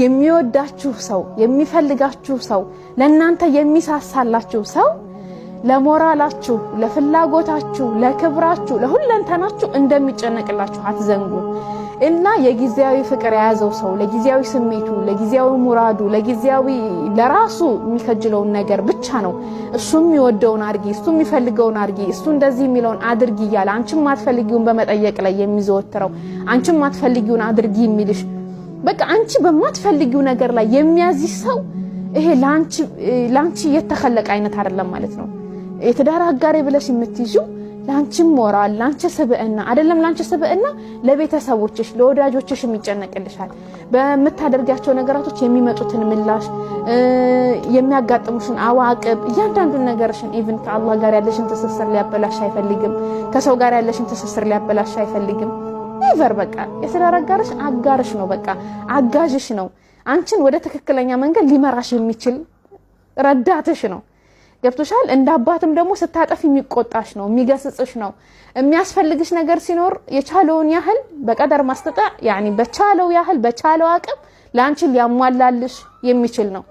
የሚወዳችሁ ሰው፣ የሚፈልጋችሁ ሰው፣ ለእናንተ የሚሳሳላችሁ ሰው ለሞራላችሁ፣ ለፍላጎታችሁ፣ ለክብራችሁ፣ ለሁለንተናችሁ እንደሚጨነቅላችሁ አትዘንጉ እና የጊዜያዊ ፍቅር የያዘው ሰው ለጊዜያዊ ስሜቱ፣ ለጊዜያዊ ሙራዱ፣ ለጊዜያዊ ለራሱ የሚከጅለውን ነገር ብቻ ነው እሱ የሚወደውን አድርጊ፣ እሱ የሚፈልገውን አድርጊ፣ እሱ እንደዚህ የሚለውን አድርጊ እያለ አንቺም ማትፈልጊውን በመጠየቅ ላይ የሚዘወትረው አንቺም ማትፈልጊውን አድርጊ የሚልሽ በቃ አንቺ በማትፈልጊው ነገር ላይ የሚያዝሽ ሰው ይሄ ለአንቺ የተከለቀ አይነት አይደለም ማለት ነው። የትዳር አጋሪ ብለሽ የምትይዥው ለአንቺ ሞራል፣ ለአንቺ ስብዕና አይደለም ለአንቺ ስብዕና፣ ለቤተሰቦችሽ፣ ለወዳጆችሽ የሚጨነቅልሻል። በምታደርጋቸው ነገራቶች የሚመጡትን ምላሽ፣ የሚያጋጥሙሽን አዋቅብ፣ እያንዳንዱን ነገርሽን ኢቭን ከአላህ ጋር ያለሽን ትስስር ሊያበላሽ አይፈልግም። ከሰው ጋር ያለሽን ትስስር ሊያበላሽ አይፈልግም። ኤቨር በቃ የትዳር አጋርሽ አጋርሽ ነው፣ በቃ አጋዥሽ ነው። አንቺን ወደ ትክክለኛ መንገድ ሊመራሽ የሚችል ረዳትሽ ነው። ገብቶሻል። እንደ አባትም ደግሞ ስታጠፍ የሚቆጣሽ ነው፣ የሚገስጽሽ ነው። የሚያስፈልግሽ ነገር ሲኖር የቻለውን ያህል በቀደር ማስጠጣ ያኔ በቻለው ያህል በቻለው አቅም ለአንቺን ሊያሟላልሽ የሚችል ነው።